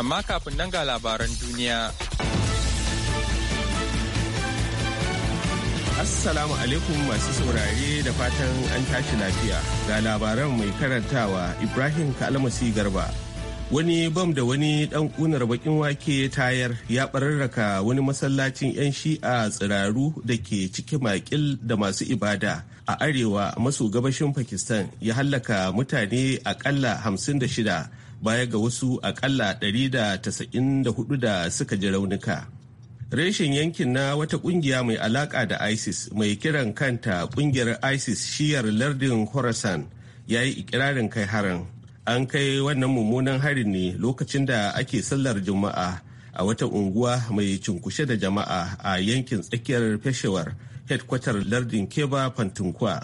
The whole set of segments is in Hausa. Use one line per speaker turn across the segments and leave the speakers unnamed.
amma kafin nan ga labaran duniya. Assalamu alaikum masu saurare da
fatan an tashi lafiya ga labaran mai karantawa Ibrahim Kalmasi Garba. Wani bam da wani ɗan ƙunar baƙin wake tayar ya ɓararraka wani masallacin 'yan shi'a tsiraru da ke ciki makil da masu ibada a arewa maso gabashin Pakistan ya hallaka mutane aƙalla shida. baya ga wasu akalla 194 da suka ji raunuka. Reshen yankin na wata kungiya mai alaka da ISIS mai kiran kanta kungiyar ISIS shiyar lardin Khorasan ya yi ikirarin kai harin. An kai wannan mummunan harin ne lokacin da ake sallar Juma'a a wata unguwa mai cunkushe da jama'a a yankin tsakiyar Peshawar, hedkwatar lardin Keba Pantunkwa.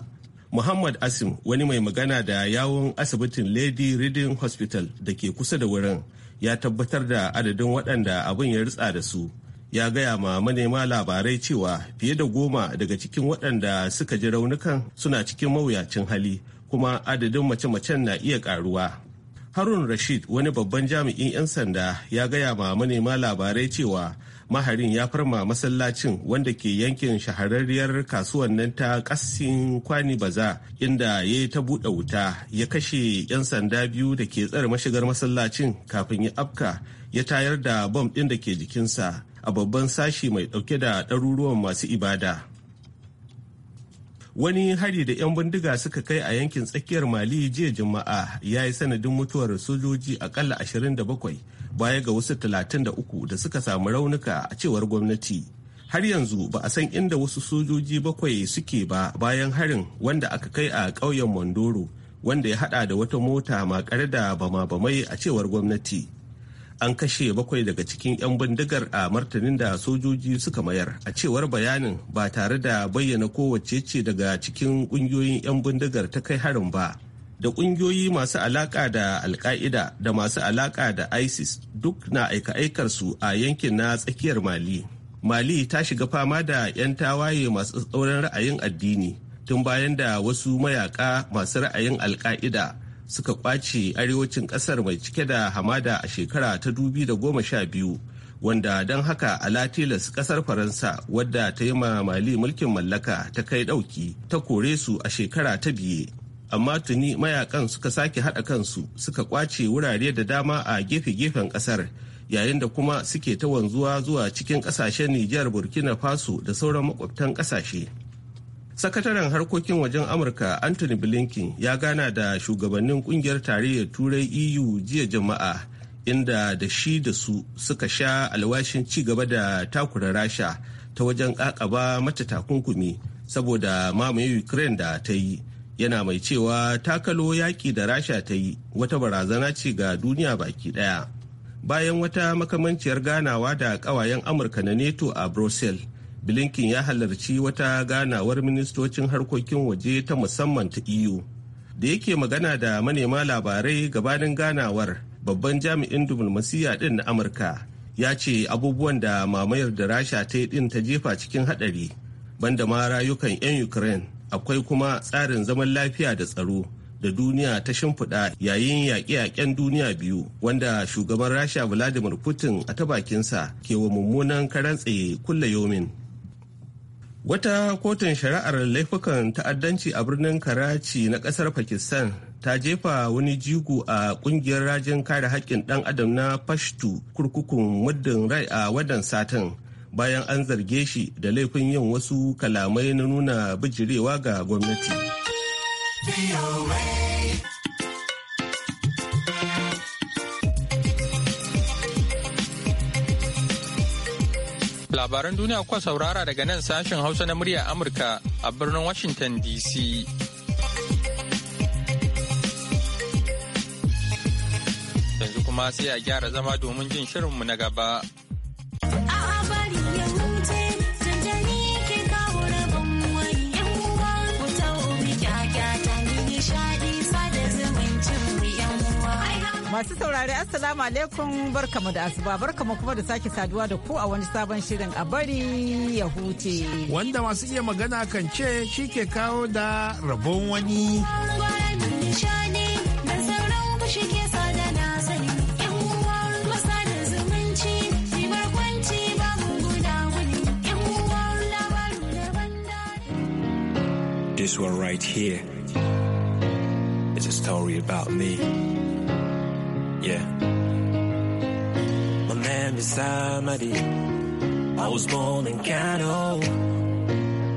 Muhammad Asim wani mai magana da yawon asibitin Lady Reading Hospital da ke kusa da wurin ya tabbatar da adadin waɗanda abin ya ritsa da su. Ya gaya ma manema labarai cewa fiye da goma daga cikin waɗanda suka ji raunukan suna cikin mawuyacin hali kuma adadin mace-macen na iya ƙaruwa. Harun Rashid wani babban jami'in 'yan sanda ya gaya ma manema labarai cewa maharin ya farma masallacin wanda ke yankin shahararriyar kasuwan nan ta kassin kwani baza inda ya yi ta buɗe wuta ya kashe 'yan sanda biyu da ke tsare mashigar masallacin kafin ya afka ya tayar da bom ɗin da ke jikinsa a babban sashi mai ɗauke da ɗaruruwan masu ibada wani hari da 'yan bindiga suka kai a yankin tsakiyar mali jiya juma'a ya yi sanadin mutuwar sojoji akalla 27 baya ga wasu 33 da suka samu raunuka a cewar gwamnati har yanzu ba a san inda wasu sojoji bakwai suke ba bayan harin wanda aka kai a ƙauyen mondoro wanda ya hada da wata mota makar da bama-bamai a cewar gwamnati an kashe bakwai daga cikin 'yan bindigar a martanin da sojoji suka mayar a cewar bayanin ba tare da bayyana kowace ce daga cikin ƙungiyoyin 'yan bindigar ta kai harin ba da ƙungiyoyi masu alaƙa da alka'ida da masu alaƙa da isis duk na aika-aikarsu a yankin na tsakiyar mali mali ta shiga fama da 'yan tawaye masu tsauran ra'ayin addini tun bayan da wasu mayaƙa masu ra'ayin alka'ida suka kwace arewacin ƙasar mai cike da hamada a shekara ta dubi da goma sha biyu, wanda don haka alatilas ƙasar faransa wadda ta yi ma mali mulkin mallaka ta kai ɗauki ta kore su a shekara ta biye amma tuni mayakan suka sake haɗa kansu suka kwace wurare da dama a gefe-gefen ƙasar yayin da kuma suke ta wanzuwa zuwa cikin ƙasashen nijar burkina faso da sauran makwabtan ƙasashe sakataren harkokin wajen amurka anthony blinken ya gana da shugabannin kungiyar tarayyar turai eu jiya jama'a inda da shi da su suka sha alwashin ci gaba da takura rasha ta wajen kakaba mata takunkumi saboda mamaye ukraine da ta yi yana mai cewa takalo yaƙi da rasha ta yi wata barazana ce ga duniya baki ɗaya bayan wata makamanciyar ganawa da ƙawayen amurka na neto a brussels blinken ya halarci wata ganawar ministocin harkokin waje ta musamman ta eu da yake magana da manema labarai gabanin ganawar babban jami'in diflomasiyya din na amurka ya ce abubuwan da mamayar da rasha ta yi ɗin ta jefa cikin haɗari banda ma rayukan 'yan ukraine akwai kuma tsarin zaman lafiya da tsaro da duniya ta shimfiɗa yayin yaƙe-yaƙen duniya biyu wanda shugaban rasha vladimir putin a ta bakinsa ke wa mummunan karan tsaye kulla yomin wata kotun shari'ar laifukan ta'addanci a birnin karachi na ƙasar pakistan ta jefa wani jigo a ƙungiyar rajin kare haƙƙin ɗan adam na pashtu kurkukun muddin rai a wadan satin bayan an zarge shi da laifin yin wasu kalamai na nuna bijirewa ga gwamnati.
Labaran duniya kuwa saurara daga nan sashen Hausa na murya Amurka a birnin Washington DC. Yanzu kuma sai a gyara zama domin jin shirinmu na gaba.
Masu saurari Assalamu alaikum barkamu da asuba barkamu kuma da sake saduwa da ku a wani sabon shirin a bari ya huce.
Wanda masu iya magana kan ce kawo da rabon wani.
This one right here is a story about me. Yeah.
My name is Amadi. I was born in Kano.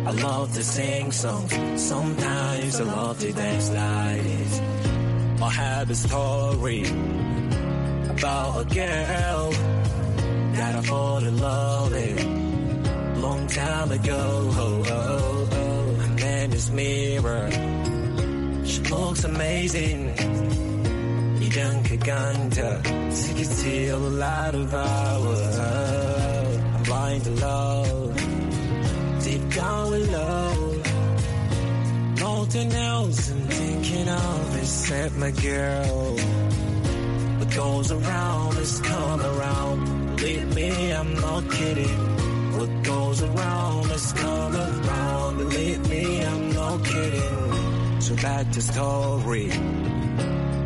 I love to sing songs. Sometimes I love to dance like I have a story about a girl that I fall in love with long time ago. Oh, oh, oh. Her name is Mirror. She looks amazing. Chunka Take it till a lot of our I'm blind to love. Deep down we love. Nothing else I'm thinking of except my girl. What goes around is come around. Believe me, I'm not kidding. What goes around is come around. Believe me, I'm not kidding. So back to story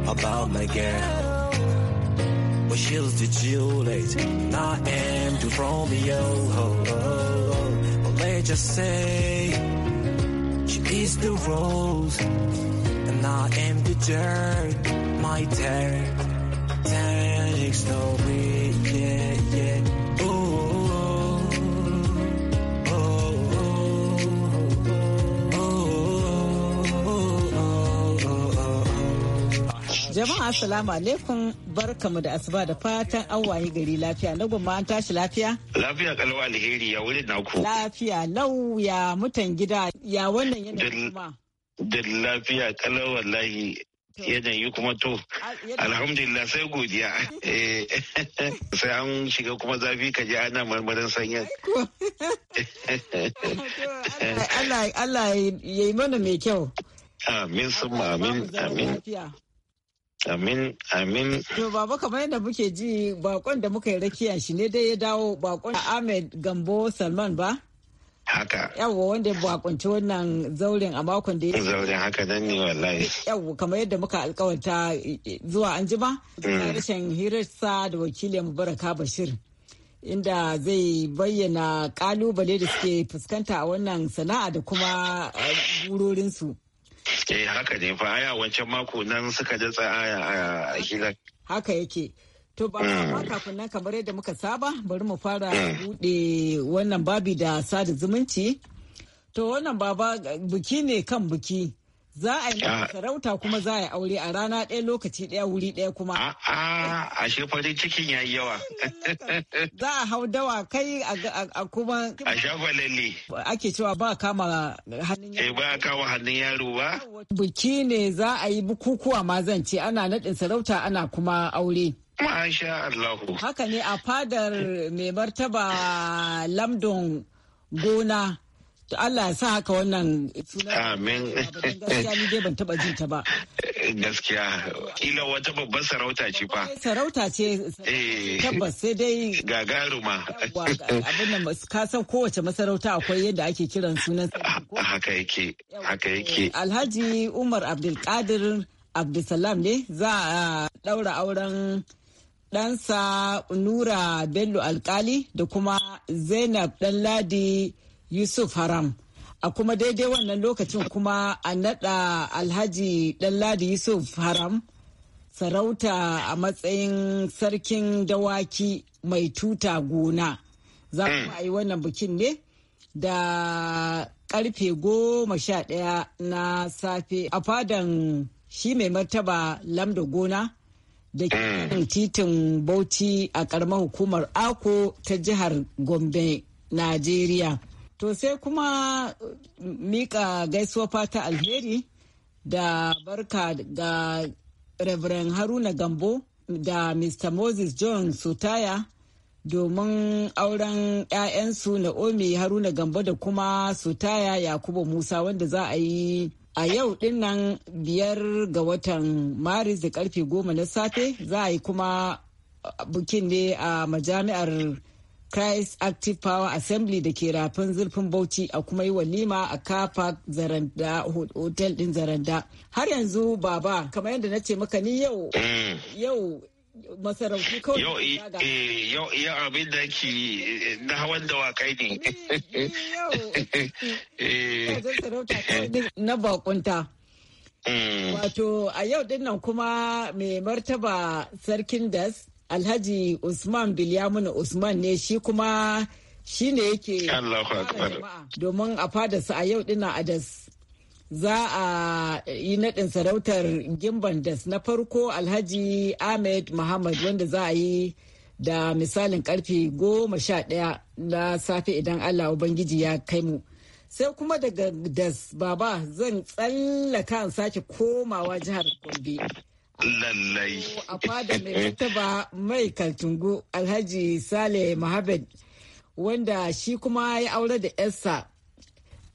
about my girl. Well, she's the Juliet, and I am too Romeo. Oh, oh, oh. But let's just say she is the rose, and I am the dirt. My dirt takes no weekend.
Jama'a assalamu alaikum barkamu da asuba da fatan an waye gari lafiya na gumma an tashi lafiya?
Lafiya kalwa alheri ya wurin naku.
Lafiya lau ya mutan gida ya wannan
yanayi kuma. Da lafiya kalau wallahi yanayi kuma to alhamdulillah sai godiya eh, sai an shiga kuma zafi ka ji ana marmarin sanya
Allah ya yi mana mai kyau
amin sun amin amin Amin, amin.
To baba kamar yadda muke ji bakon da muka yi rakiya shi ne dai ya dawo bakon Ahmed Gambo Salman ba? Haka. Yawwa wanda ya bakunci wannan zauren a makon da ya Zauren haka nan ne wallahi. Yawwa kamar yadda muka alkawarta zuwa an jima. Mm. Rashin hirarsa da wakilin Mubaraka Bashir. Inda zai bayyana kalubale da suke fuskanta a wannan sana'a da kuma eh, burorinsu.
eh haka ne fa aya wancan mako nan suka datsa tsaya a hira
haka yake To ba hmm. ma kafin nan kamar yadda muka saba bari mu fara hmm. bude wannan babi da sada zumunci. To wannan baba buki ne kan buki za a yi ah. sarauta kuma za a yi aure a rana ɗaya lokaci ɗaya wuri ɗaya kuma. A'a, ah,
ah, shi farin cikin ya yi yawa.
Za a hau dawa kai a kuma.
A shafa lalle.
Ake cewa ba kama hannun
eh, yaro. ba kama hannun yaro ba.
Biki ne za a yi bukukuwa ma zan ce ana naɗin sarauta ana kuma aure.
Masha Allahu.
Haka ne a fadar mai martaba Lamdon gona. To Allah ya sa haka wannan suna.
Amin. Gaskiya
ni dai ban taba jin ta ba.
Gaskiya kila wata babban sarauta ce fa.
Sarauta ce. Eh. Tabbas
sai dai. Gagaruma.
Abin nan ka san kowace masarauta akwai yadda ake kiran sunan.
Haka yake. Haka yake.
Alhaji Umar Abdulkadir Abdulsalam ne za a daura auren ɗansa Nura Bello Alkali da kuma Zainab Ɗanladi yusuf haram a kuma daidai wannan lokacin kuma a naɗa alhaji ɗanladi yusuf haram sarauta a matsayin sarkin dawaki mai tuta gona za ku mm. yi wannan bikin ne da karfe goma sha ɗaya na safe a fadan shi mai martaba lamda gona da ke mm. titin bauchi a ƙaramar hukumar ako ta jihar gombe najeriya To sai kuma uh, mika gaisuwa fata alheri da barka ga Reverend Haruna Gambo da Mr. Moses John Sutaya domin auren 'ya'yansu Naomi Haruna Gambo da kuma Sutaya Yakubu Musa wanda za a yi a yau dinnan biyar ga watan Maris da karfe goma na safe za a yi kuma uh, bukin ne a majami'ar Christ Active Power Assembly da ke rafin zurfin Bauchi a kuma yi walima a Kafa Zaranda hotel din Zaranda. Har yanzu baba kamar yadda na ce maka ni yau mm. yau masarautu kawai yau
eh, yau yau abin da ke eh, na hawan dawakai ne
eh. na bakunta mm. wato a yau dinnan kuma mai martaba sarkin das alhaji usman bilyamuna usman ne shi kuma shi ne yake domin a su a yau dina a das za a yi naɗin sarautar gimban das na farko alhaji ahmed muhammad wanda za a yi da misalin karfe goma sha ɗaya na safe idan allah ubangiji ya kai mu sai kuma daga das baba zan tsallaka sake komawa jihar gombe
Lallai.
A fada mai martaba mai kaltungu Alhaji Sale Mohammed, wanda shi kuma ya aure da yarsa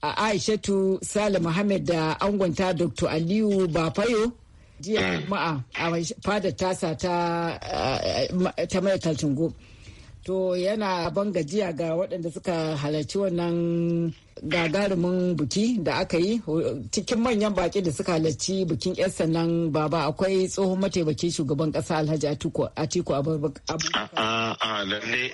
a Aishatu Sale Mohammed da angonta Dr. Aliyu Bafayo jiya mm. Juma'a a fadar tasa ta eh, eh, mai kaltungu. To yana ban gajiya ga waɗanda suka halarci wannan gagarumin buki da aka yi cikin manyan baki da suka halarci bikin 'yan sannan baba akwai tsohon mataimakin shugaban ƙasa alhaji atiku a
lalle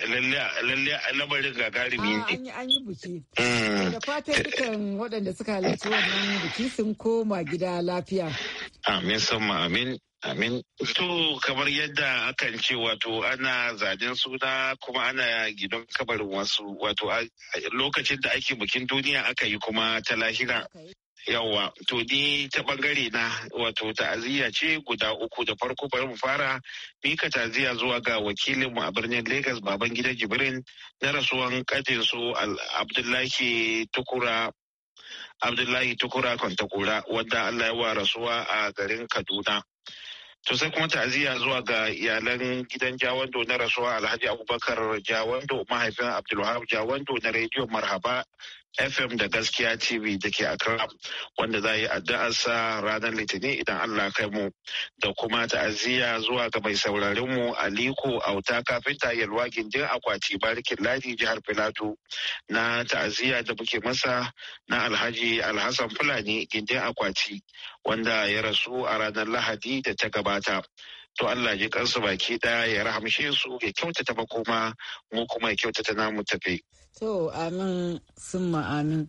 lamarin gagarumi ne an
yi buki mm. da fatan dukan waɗanda suka halarci wannan buki sun koma gida lafiya
amin sama amin Amin. To kamar yadda akan ce wato ana zanen suna kuma ana gidan kabarin wasu wato lokacin da ake bikin duniya aka yi kuma ta lahira. Yawwa, to ni ta bangare na wato ta'aziyya ce guda uku da farko bari mu fara mika ta'aziyya zuwa ga wakilinmu a birnin Legas baban gida Jibrin na rasuwan kadin su Abdullahi Tukura Abdullahi Tukura Kwantakura wanda Allah ya wa rasuwa a garin Kaduna. to kuma ta'aziyya zuwa ga iyalan gidan jawando na rasuwa alhaji abubakar jawando mahaifin abdulwahab jawando na rediyo marhaba FM da Gaskiya TV da ke Accra wanda za a yi addu'arsa ranar Litinin idan Allah kai mu da kuma ta'aziyya zuwa ga mai sauraron mu Aliko Auta kafinta Yalwa Gindin Akwati Barikin Ladi jihar Filato na ta'aziyya da muke masa na Alhaji Alhassan Fulani Gindin Akwati wanda ya rasu a ranar Lahadi da ta gabata. to Allah ji kansu baki ɗaya ya rahamshe su ya kyautata makoma mu kuma ya kyautata namu tafi.
To amin sun amin.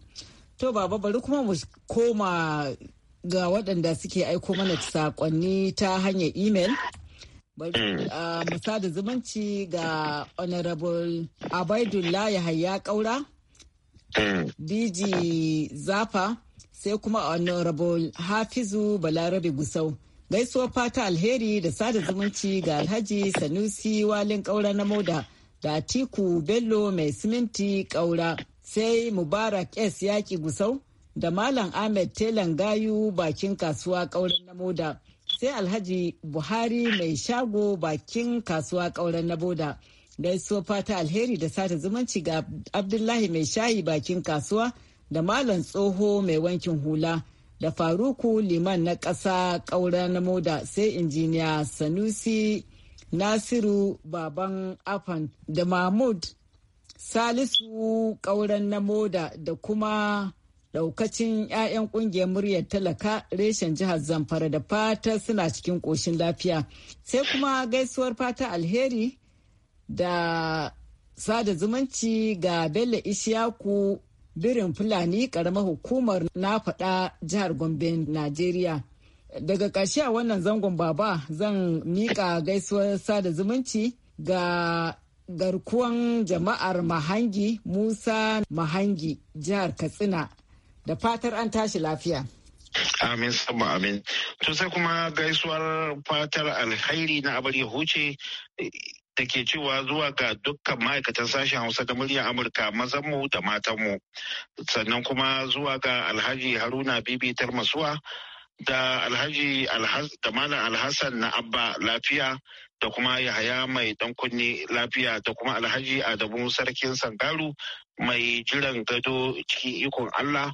To baba bari kuma mu koma ga waɗanda suke aiko mana saƙonni ta hanyar imel. Bari mm. a musa zumunci ga Honorable Abaidullah Yahaya Kaura, mm. DG Zafa, sai kuma Honorable Hafizu Balarabe Gusau. gaisuwa fata alheri da sada zumunci ga Alhaji Sanusi Walin Kaura na Moda. da Atiku Bello mai siminti ƙaura sai Mubarak S yaƙi gusau da Malam Ahmed Telan Gayu bakin kasuwa ƙauren na moda sai Alhaji Buhari mai shago bakin kasuwa ƙauren na boda gaisuwa fata alheri da sata zumunci ga Abdullahi mai shayi bakin kasuwa da Malam Tsoho mai wankin hula. da faruku liman na ƙasa ƙaura na moda sai injiniya sanusi Nasiru Baban Afan da Mahmud Salisu Ƙauren na Moda da kuma ɗaukacin 'ya'yan ƙungiyar muryar talaka reshen jihar zamfara da fata suna cikin ƙoshin lafiya sai kuma gaisuwar fata alheri da sada zumunci ga bello ishiyaku birin fulani ƙaramar hukumar na faɗa jihar gombe najeriya daga ƙarshe a wannan zangon baba zan miƙa gaisuwar sada zumunci ga garkuwan jama'ar mahangi musa mahangi jihar katsina da fatar an tashi lafiya
Amin sabba amin. To sai kuma gaisuwar fatar alkhairi na abar huce eh, da ke cewa zuwa ga dukkan ma'aikatan sashen hausa da muryar amurka mazanmu da matanmu sannan kuma zuwa ga alhaji haruna bibi tarmasuwa da alhaji da malam alhassan na abba lafiya da kuma yahaya mai dan kunne lafiya da kuma alhaji adamu sarkin sangaru mai jiran gado cikin ikon allah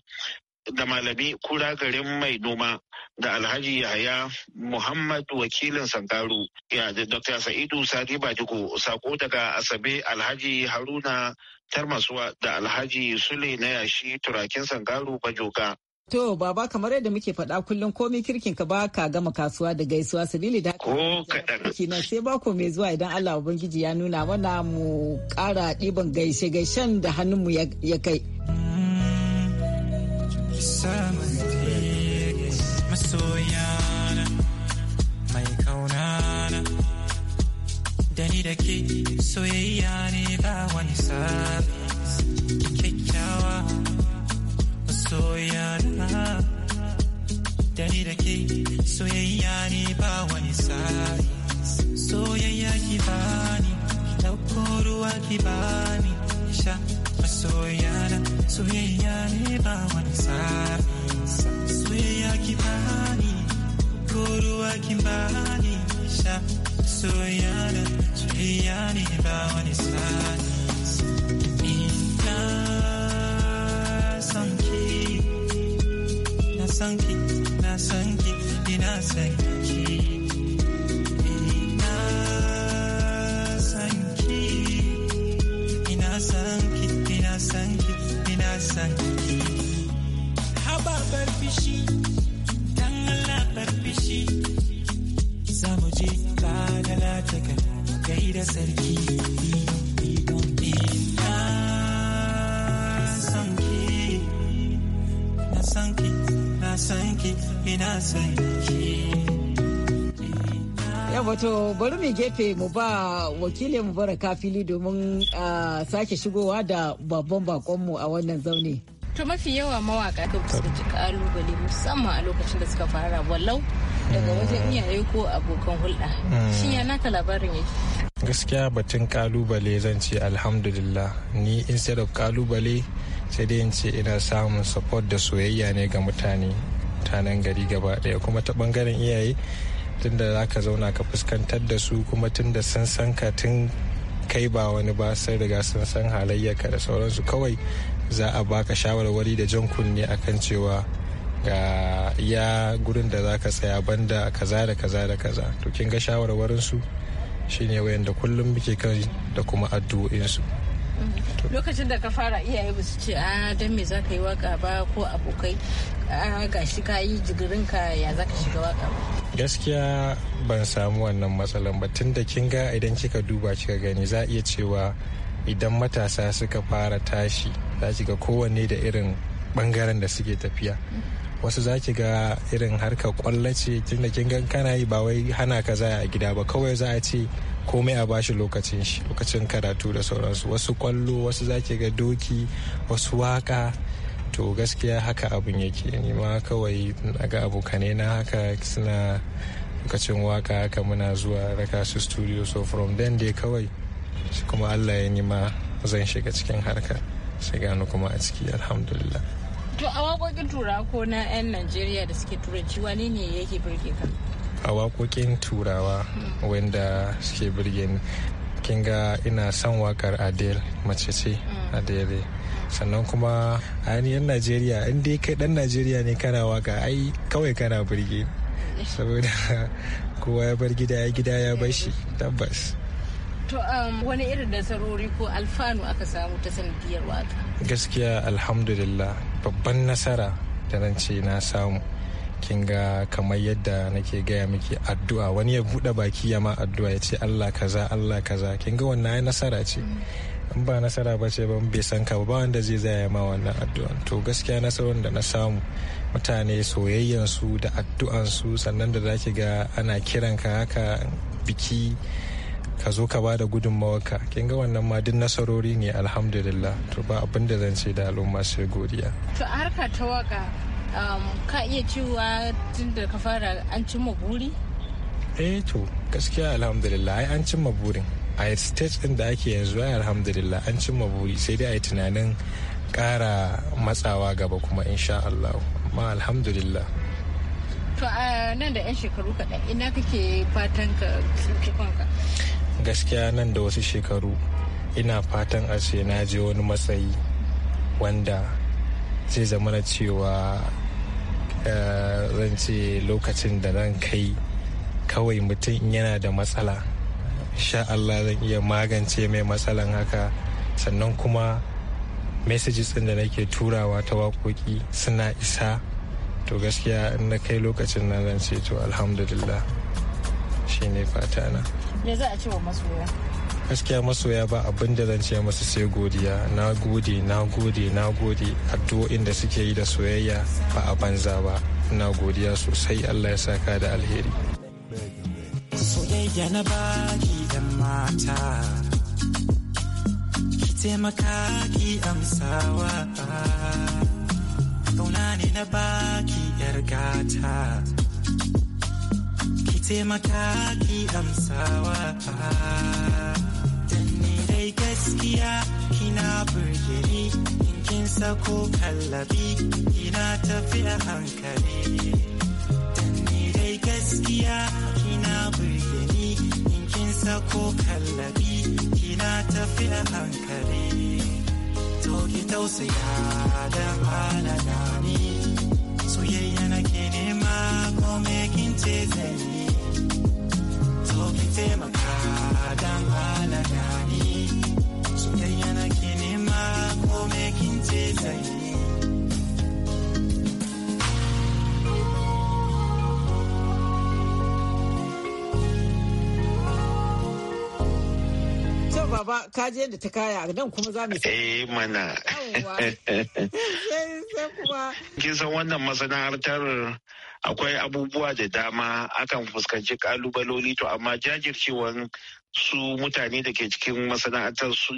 da malami kura garin mai noma da alhaji yahaya muhammad wakilin sangaru ya da dr sa'idu sadi bajigo sako daga asabe alhaji haruna tarmasuwa da alhaji sule na yashi turakin sangaru bajoka
To baba kamar yadda muke faɗa kullum komi kirkin ka ba ka gama kasuwa da gaisuwa sabili da ko kaɗan. sai sai bako mai zuwa idan Allah Ubangiji ya nuna mana mu ƙara ɗiban gaishe gaishen da hannunmu ya kai.
mai kaunana da ni da ke soyayya ne ba wani sabi. masoya da dare da ke soyayya ne ba wani sa'i soyayya ki bani dauko ruwa ki bani sha masoya da soyayya ne ba wani sa'i soyayya ki bani ko ruwa ki bani sha soyayya soyayya ne ba wani sa'i san ki na san ki ina san ki sanki ina sanki ina sanki haba barfishi dan Allah barfishi za mu je kadala ta ka kai da sarki ina sanki na sanki ina
bato ki wato bari mu gefe mu ba wakilin baraka fili domin sake shigowa da babban bakonmu a wannan zaune. to mafi yawa mawaka da suka ji kalubale musamman a lokacin da suka fara wallau daga hmm. wajen iyaye ko abokan hulɗa shin ya naka labarin yake
gaskiya batun kalubale zan ce alhamdulillah ni instead of kalubale sai dai in ce ina samun support da soyayya ne ga mutane mutanen gari gaba daya kuma ta bangaren iyaye tunda za ka zauna ka fuskantar da su kuma tunda sun san ka tun kai ba wani ba sai riga sun san halayyarka da sauransu kawai za a baka shawarwari da jan kunne a kan cewa ga iya gurin da za ka tsaya banda kaza da kaza da kaza to kin ga shawarwarin su shine wayanda kullum muke kai da kuma addu'o'insu mm-hmm.
lokacin da ka fara iyaye ba su ce a ah, don me za ka yi waka ba ko abokai ga ah, gashi ka yi jigirin ka ya za ka shiga waka ba
gaskiya ban samu wannan matsalan ba tun da kin ga idan kika duba kika gani za iya cewa idan matasa suka fara tashi za ki ga kowanne da irin bangaren da suke tafiya mm-hmm. wasu za ki ga irin harkar kwallo ce tunda kin gan kana yi ba wai hana ka za a gida ba kawai za a ce komai a bashi lokacin shi lokacin karatu da sauransu wasu kwallo wasu za ki ga doki wasu waka to gaskiya haka abin yake ni ma kawai ga abokanai na haka suna lokacin waka haka muna zuwa raka su studio so from then dai kawai kuma allah ya nima zan shiga cikin harka sai gano kuma a ciki alhamdulillah
To a waƙoƙin turawa ko na 'yan Najeriya da suke turanci wani ne yake birge ka?
A waƙoƙin turawa wanda suke birge ni. Kin ga ina son wakar Adele mace ce mm. Adele. sannan kuma ainihin najeriya in dai kai dan najeriya ne kana waka ai kawai kana birge saboda kowa ya bar gida ya gida ya bar shi tabbas
To um, wani irin nasarori ko alfanu aka samu ta sanadiyar waka?
Gaskiya alhamdulillah babban nasara da nan ce na samu kin ga kamar yadda nake gaya miki addu'a wani ya buɗe baki ya ma addu'a ya ce allah kaza allah kaza kin ga wannan ya nasara ce in ba nasara ba ce ba bai san ka ba wanda zai zaya ma wannan addu'a to gaskiya nasarar da na samu mutane soyayyansu da addu'ansu sannan da zaki ga ana kiranka haka biki ka zo ka bada gudunmawarka kin ga wannan ma duk nasarori ne alhamdulillah to ba abin da zan ce da al'umma sai godiya
to harka ta waka um, ka iya cewa tun da ka fara an cimma buri
eh to gaskiya alhamdulillah ai an cimma burin a stage din da ake yanzu ai alhamdulillah an cimma buri sai dai a tunanin kara matsawa gaba kuma insha Allah amma alhamdulillah
to a nan da 'yan shekaru kaɗan ina kake fatan ka kanka
gaskiya nan da wasu shekaru ina fatan a ce na je wani matsayi wanda zai zama na cewa eh, zan ce lokacin da zan kai kawai mutum yana da matsala sha Allah zan iya magance mai matsalan haka sannan kuma messages ɗin da nake turawa ta waƙoƙi suna isa to gaskiya na kai lokacin na zan ce to alhamdulillah ne fata na
me za a ce wa masoya
gaskiya masoya ba abin da zan ce masu sai godiya na gode na gode na gode addu'o'in da suke yi da soyayya ba a banza ba na godiya sosai allah ya saka da alheri
soyayya na baki da mata ki taimaka ki amsawa kauna ne na baki yar gata taimaka ki amsawa dan ni dai gaskiya kina burgeni in kin sako kallabi kina tafi a hankali dan dai gaskiya kina burgeni in kin sako kallabi kina tafi a hankali to ki tausaya da halana ni soyayya nake nema ko me ce zai ki taimaka dan hana ni soyayya na ke nema ko me kin ce
baba ka je da ta kaya nan kuma za mu eh mana
sai kuma kin san wannan masana'antar akwai abubuwa da dama akan fuskanci kalubaloli to amma jajircewan su mutane da ke cikin masana'antar su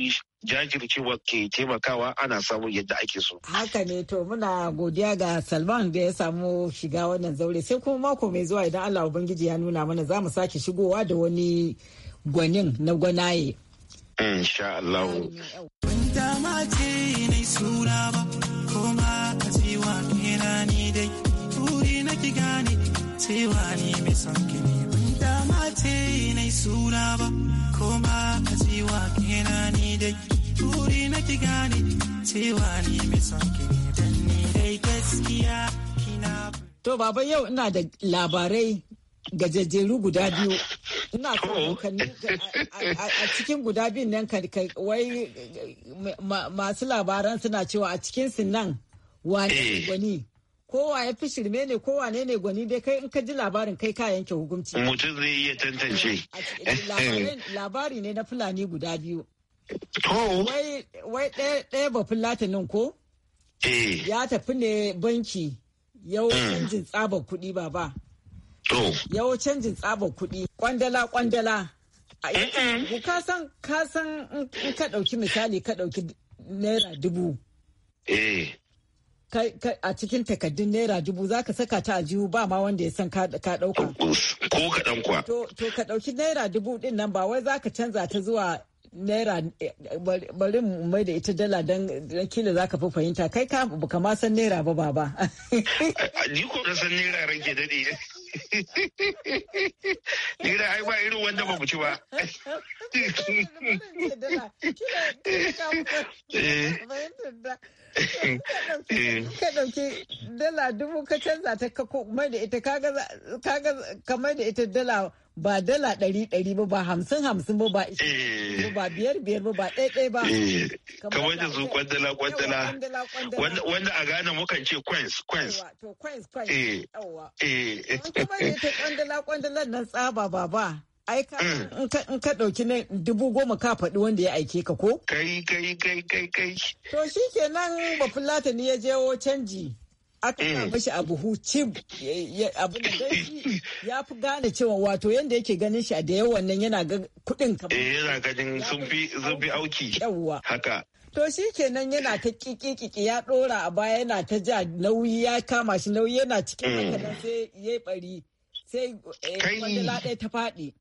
jajircewa ke taimakawa ana samun yadda
ake so. Haka ne to muna godiya ga Salman da ya samu shiga wannan zaure sai kuma mako mai zuwa idan Allah Ubangiji ya nuna mana za mu sake shigowa da wani gwanin na gwanaye. Insha Allah.
ki gane cewa ni mai son ki ne ban dama ce na suna ba koma ka cewa kena ni dai turi na ki gane cewa ni
mai son ki ne dan ni dai gaskiya kina To baba yau ina da labarai gajejjeru guda biyu ina a cikin guda biyun nan wai masu labaran suna cewa a cikin nan wani eh. wani kowa ya fi shirme ne kowa ne ne gwani dai kai in ka ji labarin kai ka yanke hukunci. Mutum
zai iya tantance.
Labari ne na Fulani guda biyu. Wai ɗaya ba Fulatinin ko? Eh. Ya tafi ne banki yau hmm. canjin tsabar kuɗi ba ba. Yau canjin tsabar kuɗi. Kwandala kwandala. Ka san ka san in ka ɗauki misali ka ɗauki naira dubu. Eh. a cikin takaddun naira dubu za ka saka ta a jihu ba ma wanda ya san ka dauka. Ko kaɗan kuwa. To ka ɗauki naira dubu ɗin nan ba wai za ka canza ta zuwa naira eh, bari mu mai da ita dala don kila za ka fi fahimta kai ka ma san naira ba ba ba.
Ni ko ka san naira rage daɗe. Ni da ai ba irin wanda ba mu ci ba.
Ka ɗauki dala dubu ka canza ta ka kamar da ita dala ba dala ɗari ɗari ba ba hamsin hamsin ba ba
eh.
ba biyar biyar ba ba ɗaya ɗaya ba. Eh.
Ka da su kwandala kwandala wanda a gane mukan ce kwens kwens. To kwens kwens. Eh. Eh.
Kuma ne ta kwandala kwandala nan tsaba ba ba. ai mm. in ka ɗauki na dubu goma ka faɗi wanda ya aike ka ko? kai kai kai kai kai to shi ba fulata ne ya je canji aka sa eh. mashi a buhu cib abin da ya fi gane cewa wato yadda yake ganin shi a da yawan nan yana ga kuɗin kamar. Eh
yana ganin sun fi auki. Yawwa. Haka.
To shi kenan yana ta kiki ya ɗora a baya yana ta ja nauyi ya kama shi nauyi yana cikin haka mm. sai ya yi bari sai eh, kwandala ɗaya ta faɗi.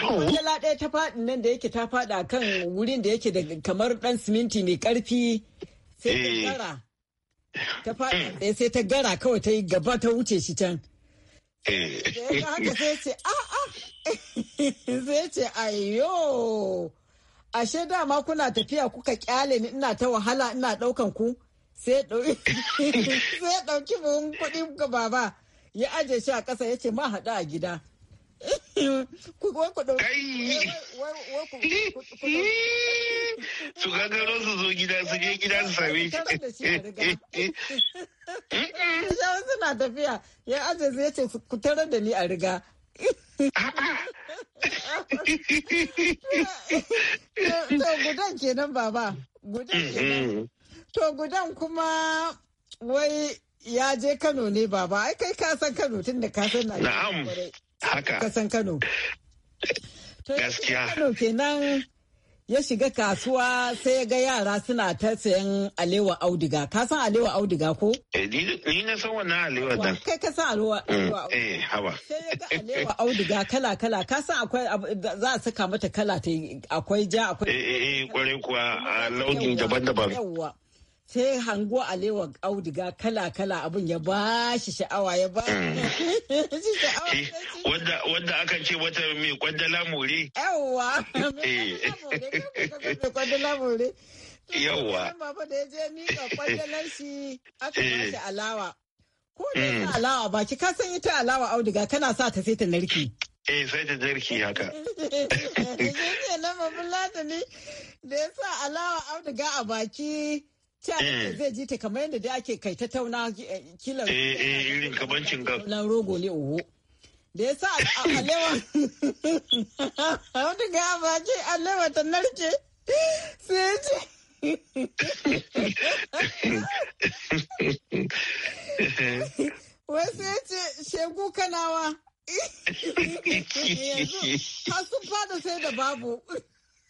Kwandala ɗaya ta faɗi nan da yake ta faɗi akan kan wurin da yake da kamar ɗan siminti mai ƙarfi sai ta tsara. Eh. ta faɗi ɗaya sai ta gara kawai ta yi gaba ta wuce shi can. haka sai ce a ah, a ah. sai ce ayo ashe dama kuna tafiya kuka kyale ni ina ta wahala ina ɗaukan ku sai ɗauki buhun kuɗi ga baba ya aje shi a ƙasa ya ce ma haɗu a gida. su gagaro su zo gida su je gida su same shi suna tafiya ya ajazi ya ce ku tare da ni a riga to gudan kenan baba
gudan mm-hmm. kenan
to gudan kuma wai ya je kano ne baba ai kai ka san kano tun da ka san na na'am haka kasan kano gaskiya kano kenan ya shiga kasuwa sai ga yara suna ta sayan alewa auduga ka san alewa auduga ko
eh, ni na san wannan alewa dan
kai ka san alewa mm,
eh hawa sai ya
ga alewa audiga kala kala ka san akwai za a saka mata kala ta
akwai ja akwai eh eh, eh kware kuwa launin daban-daban
sai hango alewa auduga kala-kala abin ya ba shi sha'awa ya ba shi mm.
wadda eh, aka ce wata mai kwadala more
yawwa
mai kwadala more eh.
yawwa baba da ya je miƙa kwadalar shi aka ba eh. shi alawa ko da mm. alawa ba ki ka san ita alawa auduga kana sa ta sai ta narki
Eh sai ta jarki haka.
Yanzu ne na mabulata ne da ya sa alawa auduga a baki ta eh. zai ji ta kamar yadda da ake kai ta tauna eh, kila eh, eh irin kabancin ga nan rogo ne oho da ya sa alewa wata ga ba ce alewa ta narke sai ce wasu ya ce shegu kanawa yanzu har sun fada sai da babu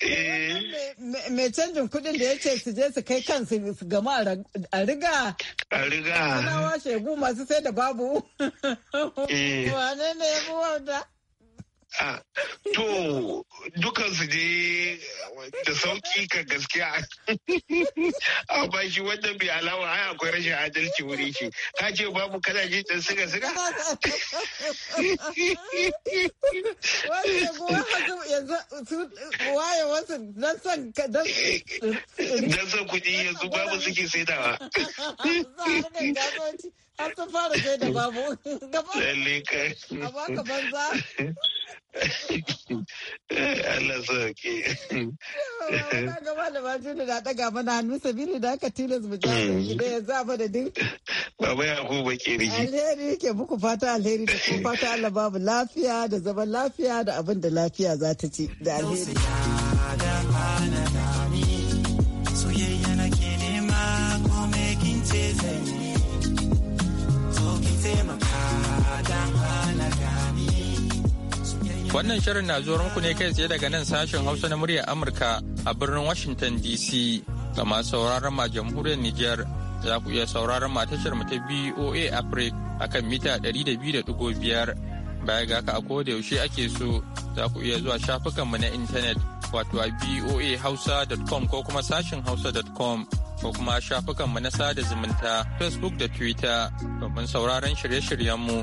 Eh. Mai canjin kuɗin da ya ce su je su kai kansu su gama a riga.
A riga. Ana
washe gu masu sai da babu. Eh. Wane ne ya buwa da?
To dukansu ne da sauki ka gaskiya a shi wannan bai alama ai akwai rashin adalci wuri ce. ka ce babu kana ji dan siga siga dan kuɗi yanzu babu suke saidawa
har ta fara sai da babu gaba banza
Allah sauke. Na
ga malama na ɗaga mana hannu sabili da aka tilas mu ja hmm. da ya za da din. Baba ya ku ba ke riki. Alheri ke muku fata alheri da kuma fata Allah babu lafiya da zaman lafiya da abin da lafiya za ta ci da alheri.
Wannan shirin na zuwa muku ne kai tsaye daga nan sashen Hausa na muryar Amurka a birnin Washington DC. Ga masu sauraron ma jamhuriyar Nijar za ku iya sauraron ma tashar ta BOA Africa a kan mita 200.5 baya ga ka a koda yaushe ake so za ku iya zuwa shafukan mu na intanet wato a boahausa.com ko kuma sashen hausa.com ko kuma shafukan mu na sada zumunta Facebook da Twitter domin sauraron shirye-shiryenmu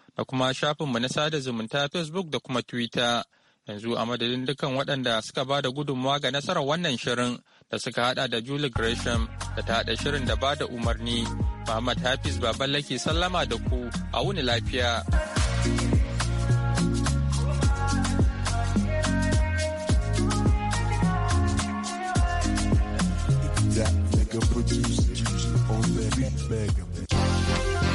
da kuma shafin mu na sada zumunta Facebook da kuma Twitter. Yanzu a madadin dukkan waɗanda suka ba da gudunmawa ga nasarar wannan shirin da suka hada da Julie Gresham da ta haɗa shirin da ba da umarni. Muhammad Hafiz Baballake sallama da ku a wuni lafiya.
bag.